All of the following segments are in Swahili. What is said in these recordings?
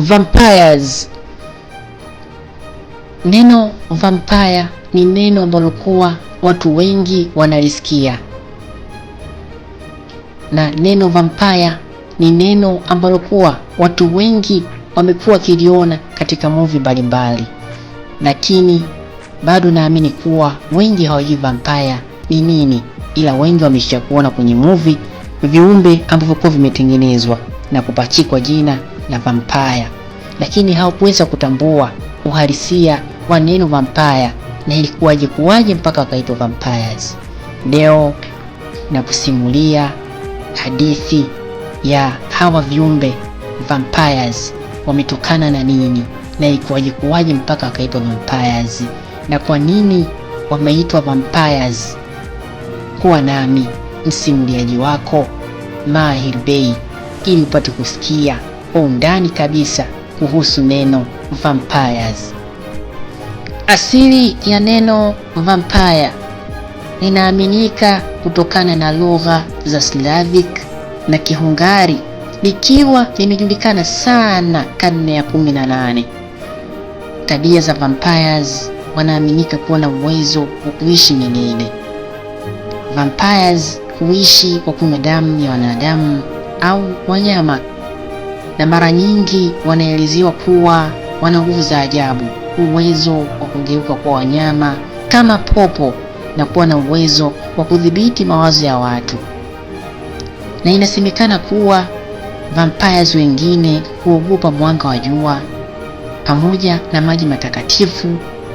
vampires. Neno vampire ni neno ambalo kuwa watu wengi wanalisikia, na neno vampire ni neno ambalo kuwa watu wengi wamekuwa wakiliona katika movie mbalimbali, lakini bado naamini kuwa wengi hawajui vampire ni nini, ila wengi wameshakuona kwenye movie viumbe ambavyo kwa vimetengenezwa na kupachikwa jina na vampire, lakini hawakuweza kutambua uhalisia wa neno vampire na ilikuwaje kuwaje mpaka wakaitwa vampires. Leo na kusimulia hadithi ya hawa viumbe vampires wametokana na nini na ilikuwaje kuwaje mpaka wakaitwa vampires na kwa nini wameitwa vampires. Kuwa nami msimuliaji wako Mahir Bey ili upate kusikia undani kabisa kuhusu neno vampires. Asili ya neno vampire linaaminika kutokana na lugha za Slavic na Kihungari likiwa limejulikana sana karne ya 18. Tabia za vampires wanaaminika kuwa na uwezo wa kuishi milele. Vampires huishi kwa kunywa damu ya wanadamu au wanyama na mara nyingi wanaelezewa kuwa wana nguvu za ajabu, uwezo wa kugeuka kwa wanyama kama popo na kuwa na uwezo wa kudhibiti mawazo ya watu, na inasemekana kuwa vampires wengine huogopa mwanga wa jua pamoja na maji matakatifu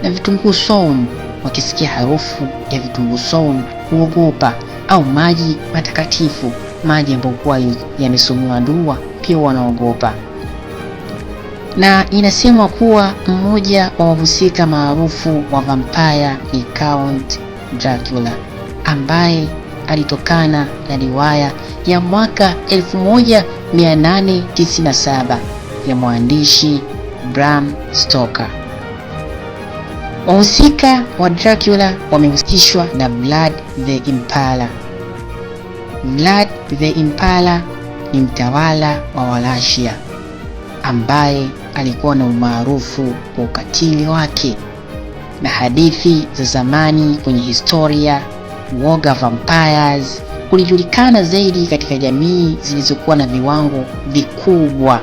na vitunguu saumu. Wakisikia harufu ya vitunguu saumu huogopa, au maji matakatifu, maji ambayo kuwa yamesomewa dua pia wanaogopa, na inasemwa kuwa mmoja wa wahusika maarufu wa vampire ni Count Dracula ambaye alitokana na riwaya ya mwaka 1897 ya mwandishi Bram Stoker. Wahusika wa Dracula wamehusishwa na Vlad the Impaler. Vlad the Impaler ni mtawala wa Walashia ambaye alikuwa na umaarufu kwa ukatili wake, na hadithi za zamani kwenye historia, woga vampires kulijulikana zaidi katika jamii zilizokuwa na viwango vikubwa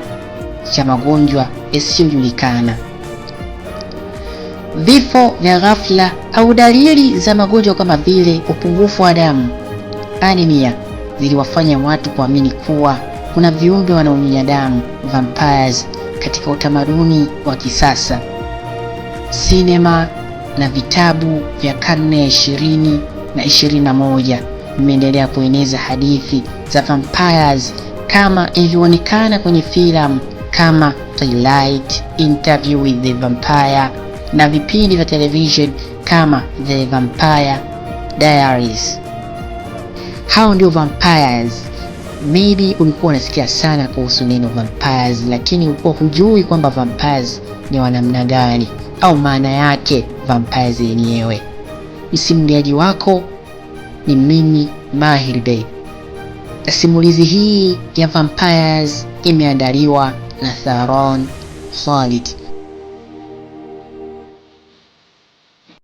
cha magonjwa yasiyojulikana. Vifo vya ghafla au dalili za magonjwa kama vile upungufu wa damu, anemia ziliwafanya watu kuamini kuwa kuna viumbe wanaonyonya damu vampires katika utamaduni wa kisasa. Sinema na vitabu vya karne ya ishirini na ishirini na moja vimeendelea kueneza hadithi za vampires kama ilivyoonekana kwenye filamu kama Twilight, Interview with the Vampire na vipindi vya television kama The Vampire Diaries. Hao ndio vampires. Maybe ulikuwa unasikia sana kuhusu neno vampires, lakini ulikuwa hujui kwamba vampires ni wanamna gani au maana yake vampires yenyewe. Msimuliaji wako ni mimi Mahir Bey. Simulizi hii ya vampires imeandaliwa na Tharon Solid.